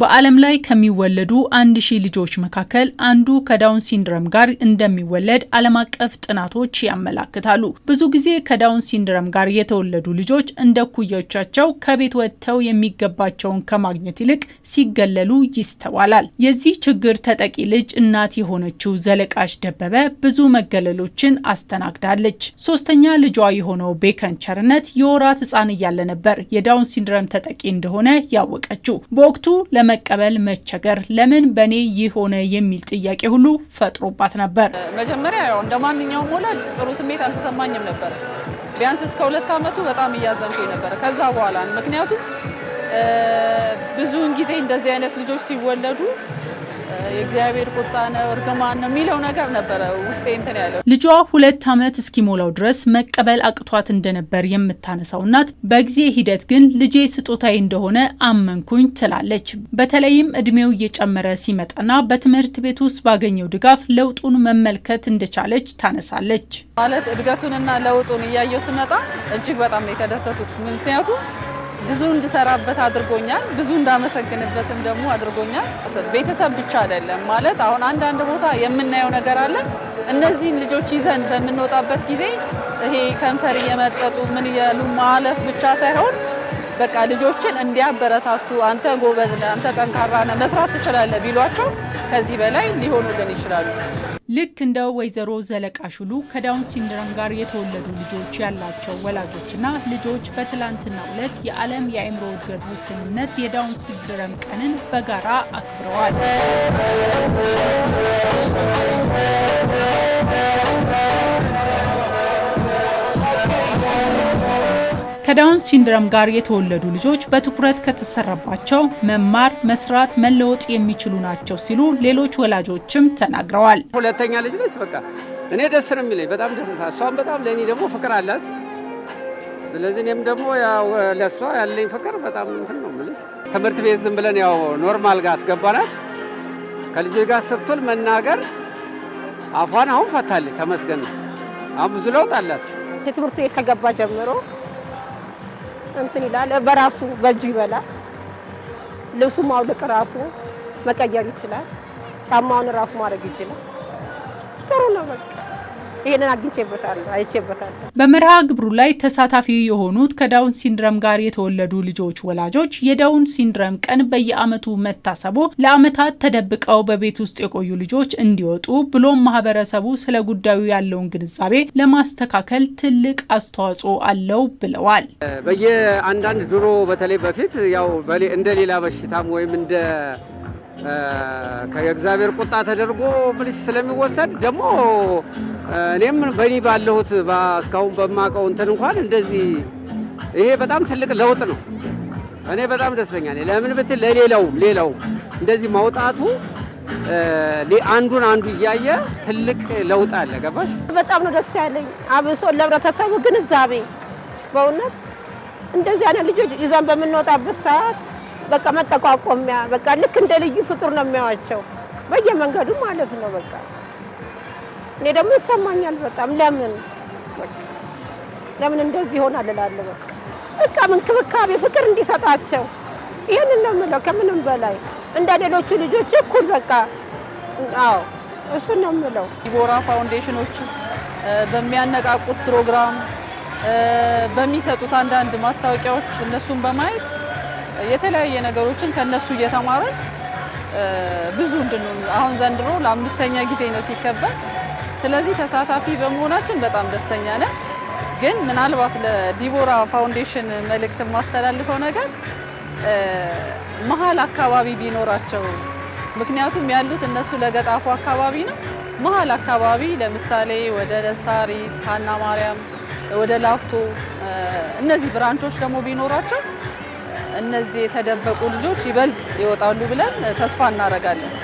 በዓለም ላይ ከሚወለዱ አንድ ሺህ ልጆች መካከል አንዱ ከዳውን ሲንድረም ጋር እንደሚወለድ ዓለም አቀፍ ጥናቶች ያመላክታሉ። ብዙ ጊዜ ከዳውን ሲንድረም ጋር የተወለዱ ልጆች እንደ ኩዮቻቸው ከቤት ወጥተው የሚገባቸውን ከማግኘት ይልቅ ሲገለሉ ይስተዋላል። የዚህ ችግር ተጠቂ ልጅ እናት የሆነችው ዘለቃሽ ደበበ ብዙ መገለሎችን አስተናግዳለች። ሶስተኛ ልጇ የሆነው ቤከን ቸርነት የወራት ህፃን እያለ ነበር የዳውን ሲንድረም ተጠቂ እንደሆነ ያወቀችው በወቅቱ ለመቀበል መቸገር ለምን በእኔ ይህ ሆነ የሚል ጥያቄ ሁሉ ፈጥሮባት ነበር። መጀመሪያ ያው እንደ ማንኛውም ወላጅ ጥሩ ስሜት አልተሰማኝም ነበር። ቢያንስ እስከ ሁለት ዓመቱ በጣም እያዘንኩ ነበረ። ከዛ በኋላ ምክንያቱም ብዙውን ጊዜ እንደዚህ አይነት ልጆች ሲወለዱ የእግዚአብሔር ቁጣ ነው፣ እርግማን ነው የሚለው ነገር ነበረ ውስጤ እንትን ያለው። ልጇ ሁለት ዓመት እስኪሞላው ድረስ መቀበል አቅቷት እንደነበር የምታነሳው እናት በጊዜ ሂደት ግን ልጄ ስጦታዬ እንደሆነ አመንኩኝ ትላለች። በተለይም እድሜው እየጨመረ ሲመጣና በትምህርት ቤት ውስጥ ባገኘው ድጋፍ ለውጡን መመልከት እንደቻለች ታነሳለች። ማለት እድገቱንና ለውጡን እያየው ስመጣ እጅግ በጣም ነው የተደሰቱት ምክንያቱም ብዙ እንድሰራበት አድርጎኛል። ብዙ እንዳመሰግንበትም ደግሞ አድርጎኛል። ቤተሰብ ብቻ አይደለም ማለት አሁን አንዳንድ ቦታ የምናየው ነገር አለ። እነዚህን ልጆች ይዘን በምንወጣበት ጊዜ ይሄ ከንፈር እየመጠጡ ምን እያሉ ማለፍ ብቻ ሳይሆን በቃ ልጆችን እንዲያበረታቱ አንተ ጎበዝ ነህ፣ አንተ ጠንካራ ነህ፣ መስራት ትችላለህ ቢሏቸው ከዚህ በላይ ሊሆኑልን ይችላሉ። ልክ እንደ ወይዘሮ ዘለቃ ሹሉ ከዳውን ሲንድረም ጋር የተወለዱ ልጆች ያላቸው ወላጆችና ልጆች በትላንትና ዕለት የዓለም የአእምሮ እድገት ውስንነት የዳውን ሲንድረም ቀንን በጋራ አክብረዋል። ከዳውን ሲንድረም ጋር የተወለዱ ልጆች በትኩረት ከተሰራባቸው መማር፣ መስራት፣ መለወጥ የሚችሉ ናቸው ሲሉ ሌሎች ወላጆችም ተናግረዋል። ሁለተኛ ልጅ ነች። በቃ እኔ ደስ ነው የሚለኝ በጣም ደስ እሷም በጣም ለእኔ ደግሞ ፍቅር አላት። ስለዚህ እኔም ደግሞ ለእሷ ያለኝ ፍቅር በጣም እንትን ነው የምልሽ። ትምህርት ቤት ዝም ብለን ያው ኖርማል ጋር አስገባናት። ከልጆች ጋር ስትል መናገር አፏን አሁን ፈታለች። ተመስገን አሁን ብዙ ለውጥ አላት። የትምህርት ቤት ከገባ ጀምሮ እንትን ይላል። በራሱ በእጁ ይበላል። ልብሱ ማውለቅ ራሱ መቀየር ይችላል። ጫማውን ራሱ ማድረግ ይችላል። ጥሩ ነው በቃ ይሄንን አግኝቼበታለሁ፣ አይቼበታለሁ። በመርሃ ግብሩ ላይ ተሳታፊ የሆኑት ከዳውን ሲንድረም ጋር የተወለዱ ልጆች ወላጆች የዳውን ሲንድረም ቀን በየዓመቱ መታሰቡ ለዓመታት ተደብቀው በቤት ውስጥ የቆዩ ልጆች እንዲወጡ ብሎም ማህበረሰቡ ስለ ጉዳዩ ያለውን ግንዛቤ ለማስተካከል ትልቅ አስተዋጽኦ አለው ብለዋል። በየአንዳንድ ድሮ በተለይ በፊት ያው እንደ ሌላ በሽታም ወይም እንደ ከእግዚአብሔር ቁጣ ተደርጎ ምልሽ ስለሚወሰድ ደግሞ እኔም በእኔ ባለሁት እስካሁን በማውቀው እንትን እንኳን እንደዚህ ይሄ በጣም ትልቅ ለውጥ ነው። እኔ በጣም ደስተኛ ነኝ። ለምን ብትል ለሌላውም ሌላውም እንደዚህ ማውጣቱ አንዱን አንዱ እያየ ትልቅ ለውጥ አለ። ገባሽ? በጣም ነው ደስ ያለኝ። አብሶ ለህብረተሰቡ ግንዛቤ በእውነት እንደዚህ አይነት ልጆች ይዘን በምንወጣበት ሰዓት በቃ መጠቋቋሚያ በቃ ልክ እንደ ልዩ ፍጡር ነው የሚያዋቸው በየመንገዱ ማለት ነው። በቃ እኔ ደግሞ ይሰማኛል በጣም ለምን ለምን እንደዚህ ይሆናል እላለሁ። በቃ በቃ እንክብካቤ ፍቅር እንዲሰጣቸው ይህንን ነው የምለው። ከምንም በላይ እንደ ሌሎቹ ልጆች እኩል በቃ አዎ እሱን ነው የምለው። ዲቦራ ፋውንዴሽኖች በሚያነቃቁት ፕሮግራም በሚሰጡት አንዳንድ ማስታወቂያዎች እነሱን በማየት የተለያየ ነገሮችን ከነሱ እየተማረን ብዙ እንድን አሁን ዘንድሮ ለአምስተኛ ጊዜ ነው ሲከበር። ስለዚህ ተሳታፊ በመሆናችን በጣም ደስተኛ ነን። ግን ምናልባት ለዲቦራ ፋውንዴሽን መልእክት የማስተላልፈው ነገር መሀል አካባቢ ቢኖራቸው፣ ምክንያቱም ያሉት እነሱ ለገጣፉ አካባቢ ነው። መሀል አካባቢ ለምሳሌ ወደ ሳሪስ፣ ሀና ማርያም፣ ወደ ላፍቶ እነዚህ ብራንቾች ደግሞ ቢኖራቸው እነዚህ የተደበቁ ልጆች ይበልጥ ይወጣሉ ብለን ተስፋ እናደርጋለን።